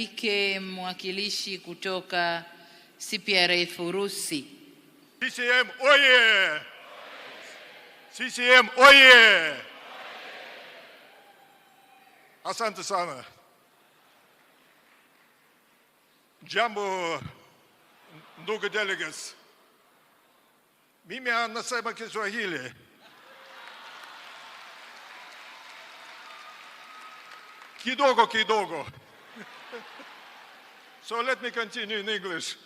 Malike, mwakilishi kutoka CPRF Urusi. CCM oye! CCM oye! Asante sana. Jambo ndugu delegates, mimi anasema Kiswahili kidogo kidogo. so let me continue in English.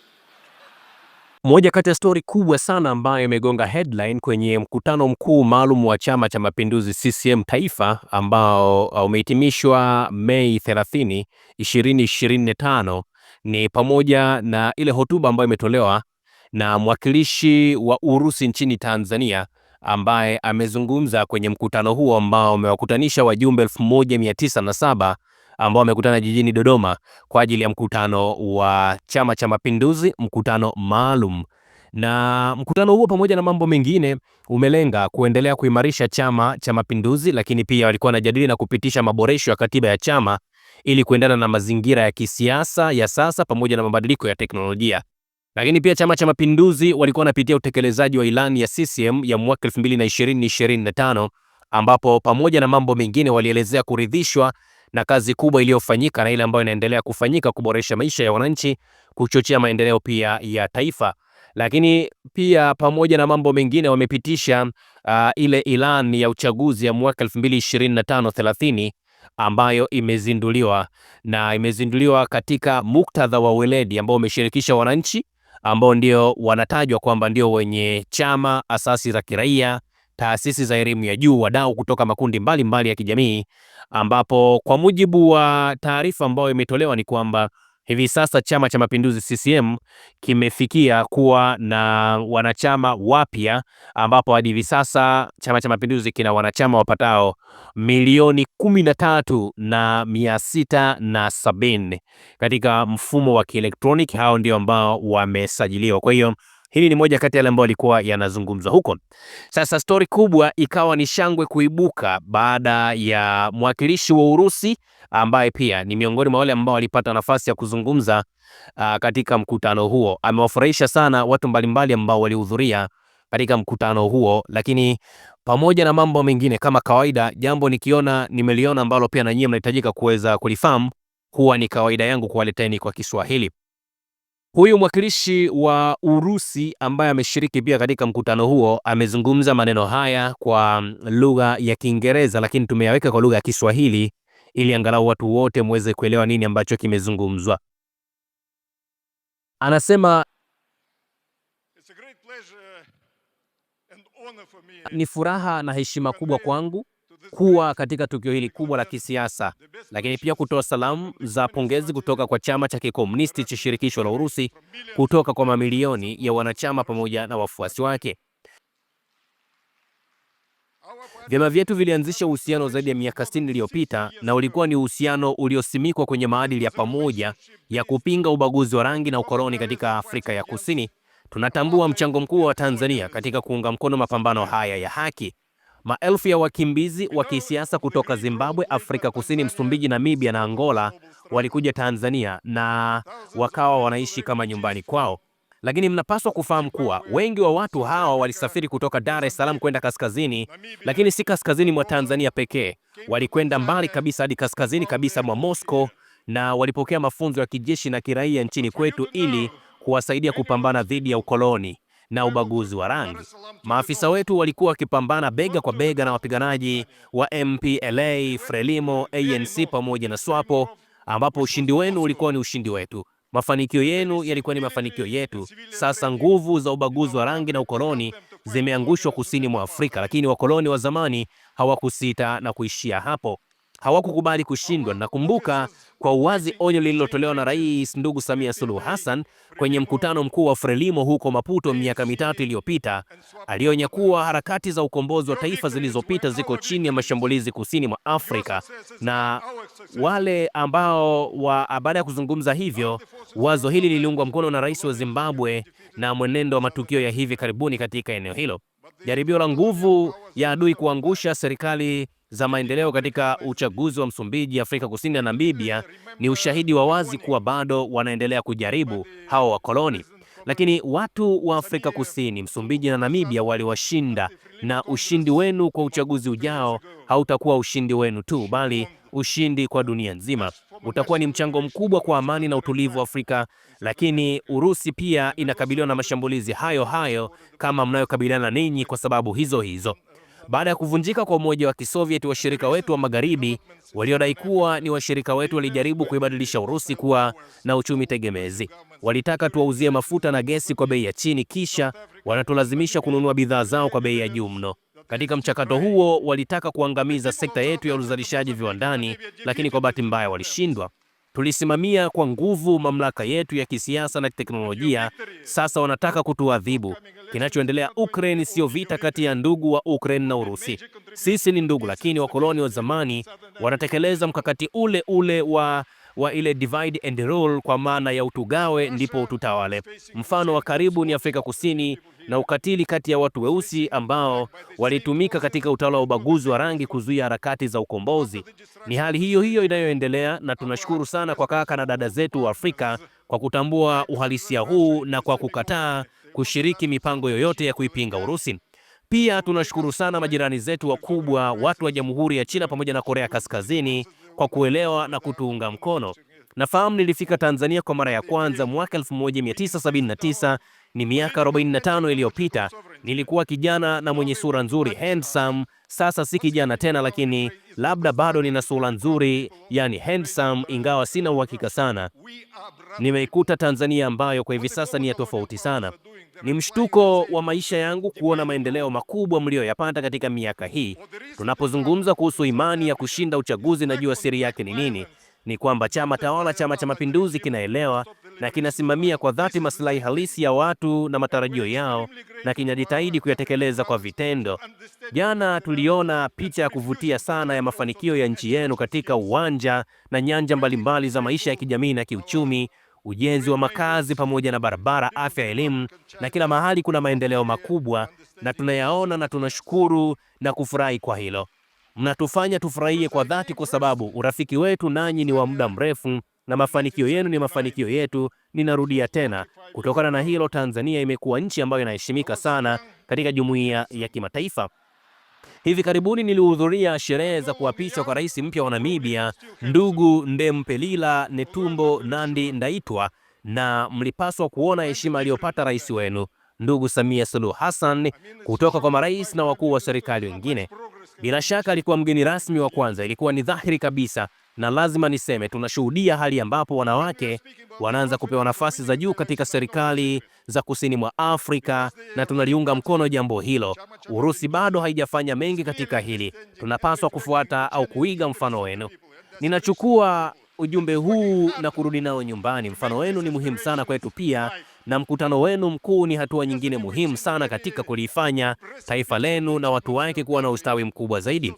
Moja kati ya stori kubwa sana ambayo imegonga headline kwenye mkutano mkuu maalum wa Chama cha Mapinduzi CCM Taifa ambao uh, umehitimishwa Mei 30, 2025 ni pamoja na ile hotuba ambayo imetolewa na mwakilishi wa Urusi nchini Tanzania ambaye amezungumza kwenye mkutano huo ambao umewakutanisha wajumbe 1907 ambao wamekutana jijini Dodoma kwa ajili ya mkutano wa Chama cha Mapinduzi, mkutano maalum na mkutano huo pamoja na mambo mengine umelenga kuendelea kuimarisha Chama cha Mapinduzi, lakini pia walikuwa wanajadili na kupitisha maboresho ya katiba ya chama ili kuendana na mazingira ya kisiasa ya sasa pamoja na mabadiliko ya teknolojia. Lakini pia Chama cha Mapinduzi walikuwa wanapitia utekelezaji wa ilani ya CCM ya mwaka 2020-2025 ambapo pamoja na mambo mengine walielezea kuridhishwa na kazi kubwa iliyofanyika na ile ambayo inaendelea kufanyika kuboresha maisha ya wananchi, kuchochea maendeleo pia ya taifa. Lakini pia pamoja na mambo mengine wamepitisha uh, ile ilani ya uchaguzi ya mwaka 2025 30 ambayo imezinduliwa na imezinduliwa katika muktadha wa weledi ambao umeshirikisha wananchi ambao ndio wanatajwa kwamba ndio wenye chama, asasi za kiraia taasisi za elimu ya juu, wadau kutoka makundi mbalimbali mbali ya kijamii, ambapo kwa mujibu wa taarifa ambayo imetolewa ni kwamba hivi sasa Chama cha Mapinduzi CCM kimefikia kuwa na wanachama wapya, ambapo hadi hivi sasa Chama cha Mapinduzi kina wanachama wapatao milioni kumi na tatu na mia sita na sabini katika mfumo wa kielektroniki. Hao ndio ambao wamesajiliwa, kwa hiyo Hili ni moja kati ya yale ambayo yalikuwa yanazungumzwa huko. Sasa stori kubwa ikawa ni shangwe kuibuka baada ya mwakilishi wa Urusi ambaye pia ni miongoni mwa wale ambao walipata nafasi ya kuzungumza uh, katika mkutano huo. Amewafurahisha sana watu mbalimbali ambao walihudhuria katika mkutano huo, lakini pamoja na mambo mengine kama kawaida, jambo nikiona nimeliona ambalo pia na nyie mnahitajika kuweza kulifahamu, huwa ni kawaida yangu kuwaleteni kwa Kiswahili. Huyu mwakilishi wa Urusi ambaye ameshiriki pia katika mkutano huo amezungumza maneno haya kwa lugha ya Kiingereza, lakini tumeyaweka kwa lugha ya Kiswahili ili angalau watu wote muweze kuelewa nini ambacho kimezungumzwa. Anasema ni furaha na heshima kubwa kwangu kuwa katika tukio hili kubwa la kisiasa, lakini pia kutoa salamu za pongezi kutoka kwa chama cha kikomunisti cha shirikisho la Urusi, kutoka kwa mamilioni ya wanachama pamoja na wafuasi wake. Vyama vyetu vilianzisha uhusiano zaidi ya miaka 60 iliyopita na ulikuwa ni uhusiano uliosimikwa kwenye maadili ya pamoja ya kupinga ubaguzi wa rangi na ukoloni katika Afrika ya Kusini. Tunatambua mchango mkuu wa Tanzania katika kuunga mkono mapambano haya ya haki. Maelfu ya wakimbizi wa kisiasa kutoka Zimbabwe, Afrika Kusini, Msumbiji, Namibia na Angola walikuja Tanzania na wakawa wanaishi kama nyumbani kwao. Lakini mnapaswa kufahamu kuwa wengi wa watu hawa walisafiri kutoka Dar es Salaam kwenda kaskazini, lakini si kaskazini mwa Tanzania pekee. Walikwenda mbali kabisa hadi kaskazini kabisa mwa Moscow na walipokea mafunzo ya kijeshi na kiraia nchini kwetu ili kuwasaidia kupambana dhidi ya ukoloni na ubaguzi wa rangi. Maafisa wetu walikuwa wakipambana bega kwa bega na wapiganaji wa MPLA, Frelimo, ANC pamoja na SWAPO, ambapo ushindi wenu ulikuwa ni ushindi wetu, mafanikio yenu yalikuwa ni mafanikio yetu. Sasa nguvu za ubaguzi wa rangi na ukoloni zimeangushwa kusini mwa Afrika, lakini wakoloni wa zamani hawakusita na kuishia hapo hawakukubali kushindwa. Nakumbuka kwa uwazi onyo lililotolewa na Rais ndugu Samia Suluhu Hassan kwenye mkutano mkuu wa Frelimo huko Maputo miaka mitatu iliyopita. Alionya kuwa harakati za ukombozi wa taifa zilizopita ziko chini ya mashambulizi kusini mwa Afrika, na wale ambao wa baada ya kuzungumza hivyo, wazo hili liliungwa mkono na Rais wa Zimbabwe na mwenendo wa matukio ya hivi karibuni katika eneo hilo jaribio la nguvu ya adui kuangusha serikali za maendeleo katika uchaguzi wa Msumbiji, Afrika Kusini na Namibia ni ushahidi wa wazi kuwa bado wanaendelea kujaribu hao wakoloni. Lakini watu wa Afrika Kusini, Msumbiji na Namibia waliwashinda, na ushindi wenu kwa uchaguzi ujao hautakuwa ushindi wenu tu, bali ushindi kwa dunia nzima. Utakuwa ni mchango mkubwa kwa amani na utulivu wa Afrika, lakini Urusi pia inakabiliwa na mashambulizi hayo hayo kama mnayokabiliana ninyi kwa sababu hizo hizo. Baada ya kuvunjika kwa Umoja wa Kisovieti, washirika wetu wa magharibi waliodai kuwa ni washirika wetu walijaribu kuibadilisha Urusi kuwa na uchumi tegemezi. Walitaka tuwauzie mafuta na gesi kwa bei ya chini, kisha wanatulazimisha kununua bidhaa zao kwa bei ya juu mno. Katika mchakato huo walitaka kuangamiza sekta yetu ya uzalishaji viwandani, lakini kwa bahati mbaya walishindwa. Tulisimamia kwa nguvu mamlaka yetu ya kisiasa na teknolojia. Sasa wanataka kutuadhibu. Kinachoendelea Ukraine sio vita kati ya ndugu wa Ukraine na Urusi. Sisi ni ndugu, lakini wakoloni wa zamani wanatekeleza mkakati ule ule wa wa ile divide and rule, kwa maana ya utugawe ndipo ututawale. Mfano wa karibu ni Afrika Kusini na ukatili kati ya watu weusi ambao walitumika katika utawala wa ubaguzi wa rangi kuzuia harakati za ukombozi. Ni hali hiyo hiyo inayoendelea, na tunashukuru sana kwa kaka na dada zetu wa Afrika kwa kutambua uhalisia huu na kwa kukataa kushiriki mipango yoyote ya kuipinga Urusi. Pia tunashukuru sana majirani zetu wakubwa, watu wa Jamhuri ya China pamoja na Korea Kaskazini kwa kuelewa na kutuunga mkono. Nafahamu nilifika Tanzania kwa mara ya kwanza mwaka 1979 ni miaka 45 iliyopita, nilikuwa kijana na mwenye sura nzuri handsome. Sasa si kijana tena, lakini labda bado nina sura nzuri, yani handsome, ingawa sina uhakika sana. Nimeikuta Tanzania ambayo kwa hivi sasa ni ya tofauti sana. Ni mshtuko wa maisha yangu kuona maendeleo makubwa mliyoyapata katika miaka hii. Tunapozungumza kuhusu imani ya kushinda uchaguzi, najua siri yake ni nini. Ni kwamba chama tawala, Chama cha Mapinduzi, kinaelewa na kinasimamia kwa dhati maslahi halisi ya watu na matarajio yao, na kinajitahidi kuyatekeleza kwa vitendo. Jana tuliona picha ya kuvutia sana ya mafanikio ya nchi yenu katika uwanja na nyanja mbalimbali za maisha ya kijamii na kiuchumi, ujenzi wa makazi pamoja na barabara, afya, elimu, na kila mahali kuna maendeleo makubwa, na tunayaona na tunashukuru na kufurahi kwa hilo. Mnatufanya tufurahie kwa dhati, kwa sababu urafiki wetu nanyi ni wa muda mrefu na mafanikio yenu ni mafanikio yetu. Ninarudia tena, kutokana na hilo Tanzania imekuwa nchi ambayo inaheshimika sana katika jumuiya ya kimataifa. Hivi karibuni nilihudhuria sherehe za kuapishwa kwa rais mpya wa Namibia, ndugu Ndempelila Netumbo Nandi Ndaitwa, na mlipaswa kuona heshima aliyopata rais wenu ndugu Samia Suluhu Hassan kutoka kwa marais na wakuu wa serikali wengine. Bila shaka alikuwa mgeni rasmi wa kwanza. Ilikuwa ni dhahiri kabisa na lazima niseme, tunashuhudia hali ambapo wanawake wanaanza kupewa nafasi za juu katika serikali za kusini mwa Afrika, na tunaliunga mkono jambo hilo. Urusi bado haijafanya mengi katika hili, tunapaswa kufuata au kuiga mfano wenu. Ninachukua ujumbe huu na kurudi nao nyumbani. Mfano wenu ni muhimu sana kwetu pia na mkutano wenu mkuu ni hatua nyingine muhimu sana katika kulifanya taifa lenu na watu wake kuwa na ustawi mkubwa zaidi.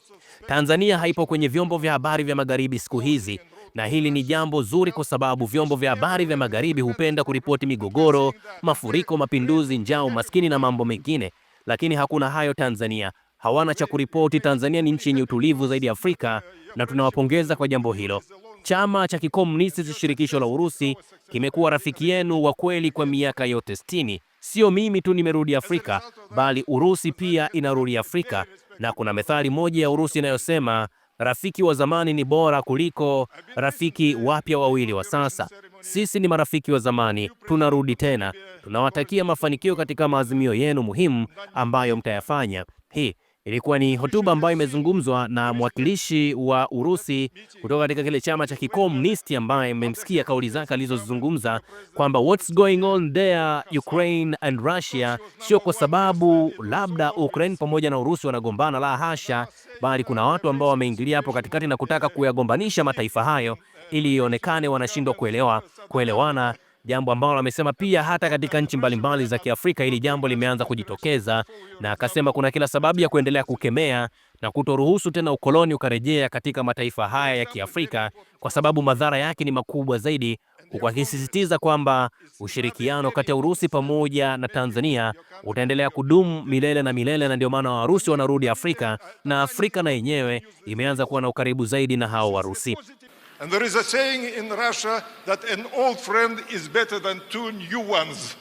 Tanzania haipo kwenye vyombo vya habari vya magharibi siku hizi, na hili ni jambo zuri kwa sababu vyombo vya habari vya magharibi hupenda kuripoti migogoro, mafuriko, mapinduzi, njaa, umaskini na mambo mengine, lakini hakuna hayo Tanzania. Hawana cha kuripoti. Tanzania ni nchi yenye utulivu zaidi ya Afrika, na tunawapongeza kwa jambo hilo. Chama cha kikomunisti cha shirikisho la Urusi kimekuwa rafiki yenu wa kweli kwa miaka yote sitini. Sio mimi tu nimerudi Afrika, bali Urusi pia inarudi Afrika, na kuna methali moja ya Urusi inayosema rafiki wa zamani ni bora kuliko rafiki wapya wawili wa sasa. Sisi ni marafiki wa zamani, tunarudi tena. Tunawatakia mafanikio katika maazimio yenu muhimu ambayo mtayafanya. Hii Ilikuwa ni hotuba ambayo imezungumzwa na mwakilishi wa Urusi kutoka katika kile chama cha kikomunisti ambaye mmemsikia kauli zake alizozungumza kwamba what's going on there Ukraine and Russia, sio kwa sababu labda Ukraine pamoja na Urusi wanagombana, la hasha, bali kuna watu ambao wameingilia hapo katikati na kutaka kuyagombanisha mataifa hayo ili ionekane wanashindwa kuelewa kuelewana jambo ambalo amesema pia hata katika nchi mbalimbali za Kiafrika hili jambo limeanza kujitokeza, na akasema kuna kila sababu ya kuendelea kukemea na kutoruhusu tena ukoloni ukarejea katika mataifa haya ya Kiafrika kwa sababu madhara yake ni makubwa zaidi, huku akisisitiza kwamba ushirikiano kati ya Urusi pamoja na Tanzania utaendelea kudumu milele na milele, na ndio maana Warusi wanarudi Afrika na Afrika na yenyewe imeanza kuwa na ukaribu zaidi na hao Warusi. And there is a saying in Russia that an old friend is better than two new ones.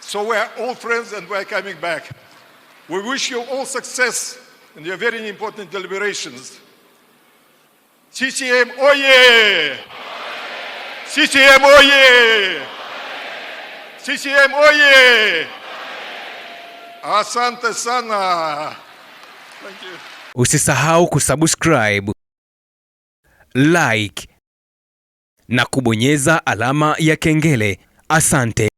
So we're all friends and we're coming back. We wish you all success in your very important deliberations. CCM, oye! CCM, oye! CCM, oye! Asante sana. Thank you. Usisahau kusubscribe like na kubonyeza alama ya kengele. Asante.